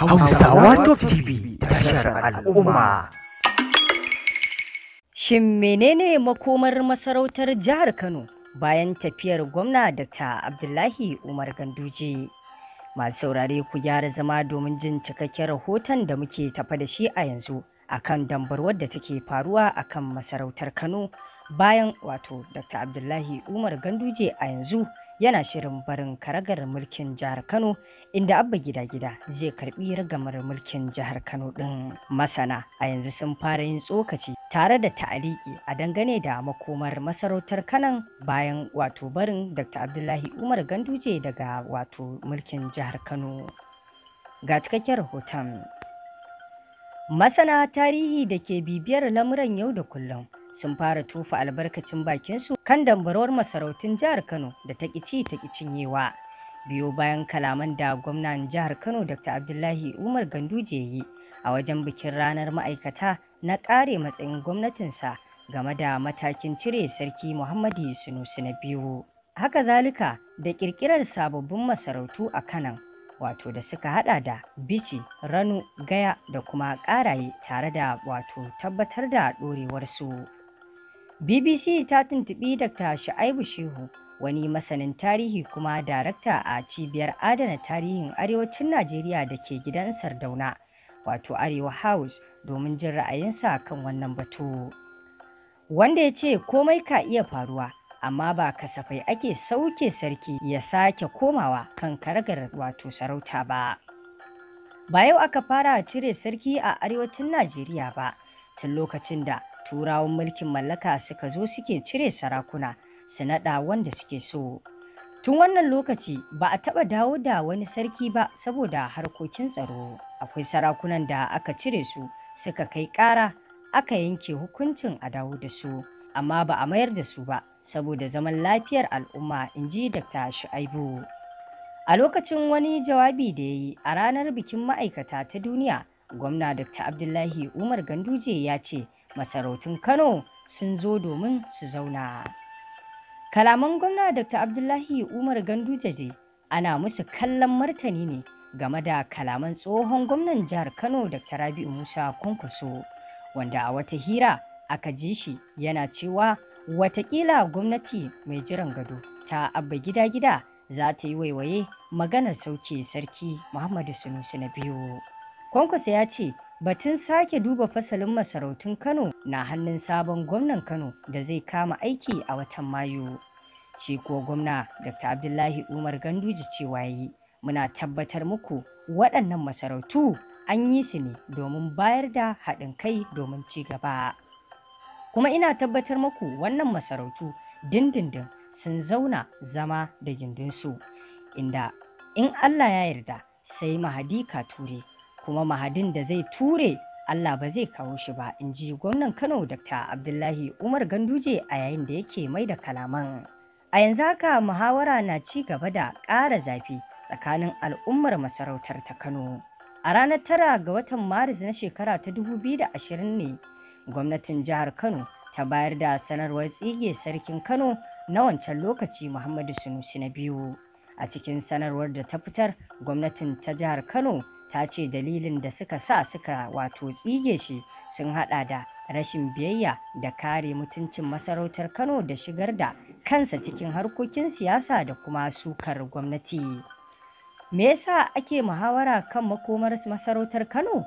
Hausawa Top TV tashar al'umma. Shin menene makomar masarautar jihar Kano bayan tafiyar gwamna Dr. Abdullahi Umar Ganduje? Masu saurare ku gyara zama domin jin cikakken rahoton da muke tafa da shi a yanzu akan dambarwar da take faruwa akan masarautar Kano bayan wato Dr. Abdullahi Umar Ganduje a yanzu yana shirin barin karagar mulkin jihar Kano inda abba gida gida zai karbi ragamar mulkin jihar Kano din masana a yanzu sun fara yin tsokaci tare da ta'aliki a dangane da makomar masarautar Kanan bayan wato barin Dr. Abdullahi Umar Ganduje daga wato mulkin jihar Kano ga cikakken rahoton masana tarihi da ke bibiyar lamuran yau da kullum sun fara tufa albarkacin bakinsu kan dambarwar masarautun jihar Kano da ta ƙici ta cinyewa. Biyo bayan kalaman da gwamnan jihar Kano Dr. Abdullahi Umar Ganduje yi a wajen bikin ranar ma'aikata na ƙare matsayin gwamnatinsa game da matakin cire sarki Muhammadu Sunusu na biyu. Haka zalika da ƙirƙirar sababbin masarautu a Kanan wato da suka hada da bici ranu gaya da kuma ƙaraye tare da wato tabbatar da ɗorewarsu. BBC ta tuntubi Dr. Shu'aibu Shehu, wani masanin tarihi kuma darakta a cibiyar adana tarihin arewacin Najeriya da ke gidan Sardauna, wato Arewa House, domin jin ra'ayinsa kan wannan batu. Wanda ya ce komai ka iya faruwa, amma ba kasafai ake sauke sarki ya sake komawa kan karagar wato sarauta ba. Ba yau aka fara cire sarki a arewacin Najeriya ba, tun lokacin da turawan mulkin mallaka suka zo suke cire sarakuna su naɗa wanda suke so tun wannan lokaci ba a taɓa dawo da wani sarki ba saboda harkokin tsaro akwai sarakunan da aka cire su suka kai ƙara aka yanke hukuncin a dawo da su amma ba a mayar da su ba saboda zaman lafiyar al'umma in ji dr shu'aibu a lokacin wani jawabi da ya yi a ranar bikin ma'aikata ta duniya gwamna dr abdullahi umar ganduje ya ce masarautun Kano sun zo domin su zauna. Kalaman gwamna Dr. Abdullahi Umar Ganduje dai ana musu kallon martani ne game da kalaman tsohon gwamnan jihar Kano Dr. Rabi'u Musa Kwankwaso wanda a wata hira aka ji shi yana cewa watakila gwamnati mai jiran gado ta abba gida-gida za ta yi waiwaye maganar sauke sarki Muhammadu Sunusi na biyu. Kwankwasa ya ce batun sake duba fasalin masarautun Kano na hannun sabon gwamnan Kano da zai kama aiki a watan Mayu. Shi kuwa gwamna Dr. Abdullahi Umar Ganduje cewa yi muna tabbatar muku waɗannan masarautu an yi su ne domin bayar da haɗin kai domin ci gaba. Kuma ina tabbatar muku wannan masarautu dindindin sun zauna zama da gindinsu inda in Allah ya yarda sai Mahadi Ture. kuma mahadin da zai ture Allah ba zai kawo shi ba in ji gwamnan Kano Dr. Abdullahi Umar Ganduje a yayin da yake mai da kalaman. A yanzu haka muhawara na ci gaba da ƙara zafi tsakanin al'ummar masarautar ta Kano. A ranar tara ga watan Maris na shekara ta 2020 ne gwamnatin jihar Kano ta bayar da sanarwar tsige sarkin Kano na wancan lokaci Muhammadu Sunusi na biyu. A cikin sanarwar da ta fitar gwamnatin ta jihar Kano ta ce dalilin da suka sa suka wato tsige shi sun hada da rashin biyayya da kare mutuncin masarautar kano da shigar da kansa cikin harkokin siyasa da kuma sukar gwamnati me yasa ake muhawara kan makomar masarautar kano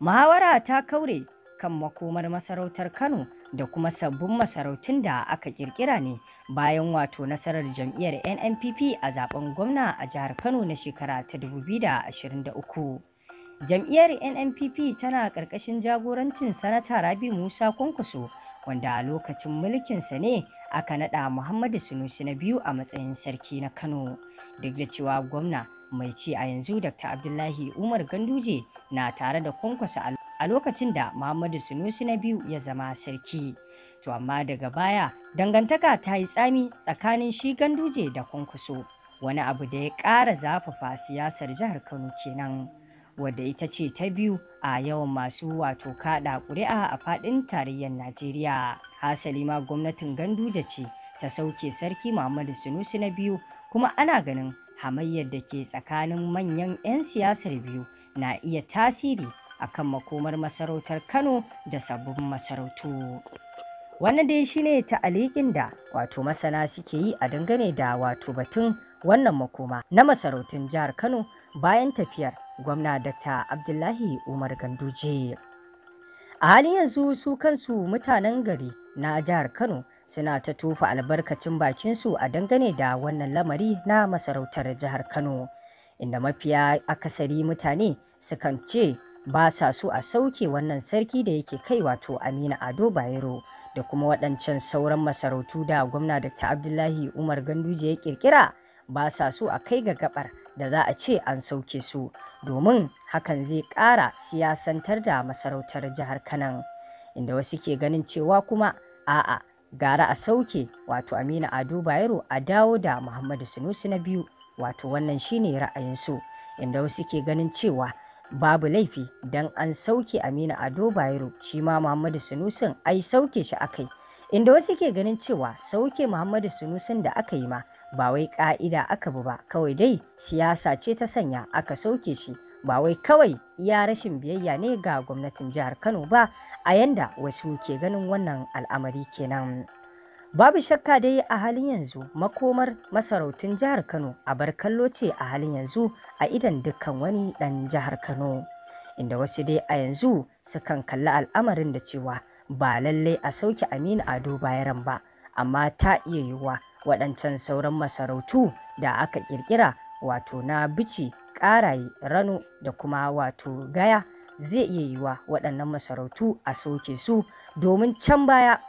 muhawara ta kaure kan makomar masarautar Kano da kuma sabbin masarautun da aka kirkira ne bayan wato nasarar jam'iyyar NNPP a zaben gwamna a jihar Kano na shekara ta 2023. Jam'iyyar NNPP tana ƙarƙashin jagorancin Sanata Rabi Musa Kwankwaso wanda a lokacin mulkinsa ne aka naɗa Muhammadu Sunusi na biyu a matsayin sarki na Kano. Duk da cewa gwamna mai ci a yanzu Dr. Abdullahi Umar Ganduje na tare da Kwankwaso a lokacin da Muhammadu Sunusi na biyu ya zama sarki. To amma daga baya dangantaka ta yi tsami tsakanin shi ganduje da kunkuso wani abu da ya ƙara zafafa siyasar jihar Kano kenan. wadda ita ce ta biyu a yawan masu wato kaɗa ƙuri'a a faɗin tarayyar Najeriya. Hasali ma gwamnatin Ganduje ce ta sauke Sarki Muhammadu Sunusi na biyu kuma ana ganin hamayyar da ke tsakanin manyan 'yan siyasar biyu na iya tasiri akan makomar masarautar Kano da sabbin masarautu. Wannan dai shi shine alikin da wato masana suke yi a dangane da wato batun wannan makoma na masarautun jihar Kano bayan tafiyar gwamna Dr. Abdullahi Umar Ganduje. A halin yanzu su kansu mutanen gari na jihar Kano suna ta tofa albarkacin bakinsu a dangane da wannan lamari na masarautar jihar Kano, inda mafiya akasari mutane sukan ce ba sa so a sauke wannan sarki da yake kai wato amina Ado Bayero da kuma waɗancan sauran masarautu da gwamna Dr. Abdullahi Umar Ganduje ya kirkira ba sa so a kai ga gabar da za a ce an sauke su domin hakan zai ƙara siyasantar da masarautar jihar Kanan inda wasu ke ganin cewa kuma a'a gara a sauke wato amina Ado Bayero a dawo da Muhammadu Sunusi na biyu wato wannan shine ra'ayinsu inda wasu ke ganin cewa babu laifi don an sauke Aminu Ado Bayero shi ma Muhammadu Sunusin ai sauke shi yi inda wasu ke ganin cewa sauke Muhammadu Sunusin da aka yi ma ba wai ka'ida aka bi ba kawai dai siyasa ce ta sanya aka sauke shi ba wai kawai iya rashin biyayya ne ga gwamnatin jihar Kano ba a yanda wasu ke ganin wannan al'amari kenan. Babu shakka dai a halin yanzu makomar masarautun jihar Kano a bar kallo ce a halin yanzu a idan dukkan wani ɗan jihar Kano. Inda wasu dai a yanzu sukan kalli al'amarin da cewa ba lallai a sauke Aminu Ado Bayaran ba, amma ta iya yiwuwa waɗancan sauran masarautu da aka ƙirƙira wato na bici, ƙaraye, rano da kuma wato gaya zai iya yiwuwa waɗannan masarautu a sauke su domin can baya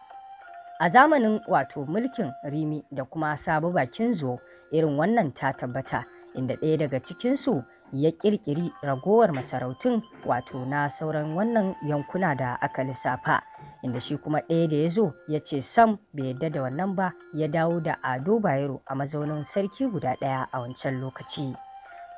a zamanin wato mulkin rimi da kuma sabu bakin zo irin wannan ta tabbata inda ɗaya daga cikinsu ya ƙirƙiri ragowar masarautun wato na sauran wannan yankuna da aka lissafa inda shi kuma ɗaya da ya zo ya ce sam bai yadda da wannan ba ya dawo da ado bayero a mazaunin sarki guda ɗaya a wancan lokaci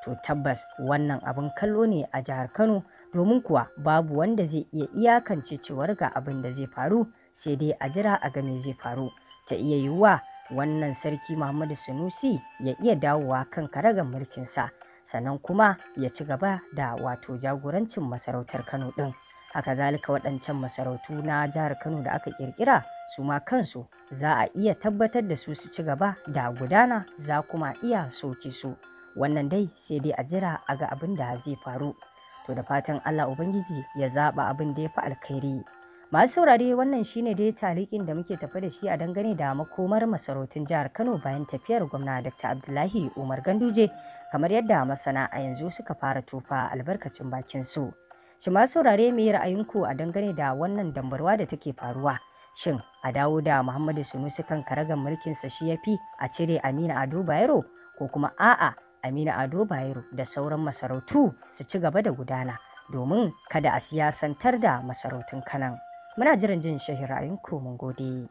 to tabbas wannan abin kallo ne a jihar kano domin kuwa babu wanda zai iya iyakance cewar ga abin da zai faru sai dai a jira a gani zai faru ta iya yiwuwa wannan sarki muhammadu Sanusi ya iya dawowa kan karagar sa, sannan kuma ya ci gaba da wato jagorancin masarautar kano ɗin haka zalika waɗancan masarautu na jihar kano da aka ƙirƙira su ma kansu za a iya tabbatar da su su ci gaba da gudana za kuma iya soke su wannan dai sai dai a jira a ga abin da zai faru to da fatan Allah Ubangiji ya zaɓa abin da ya fi alkhairi. Masu saurare wannan shine dai talikin da muke tafi da shi a dangane da makomar masarautun jihar Kano bayan tafiyar gwamna Dr. Abdullahi Umar Ganduje kamar yadda masana a yanzu suka fara tofa albarkacin bakin su. Shi masu saurare me ra'ayinku a dangane da wannan dambarwa da take faruwa? Shin a dawo da Muhammadu Sunusi kan karagar mulkinsa shi ya fi a cire Amina Ado Bayero ko kuma a'a Aminu Ado Bayero da sauran masarautu su ci gaba da gudana domin kada a siyasantar da masarautun kanan. Muna jiran jin shahi ra'ayinku mun gode.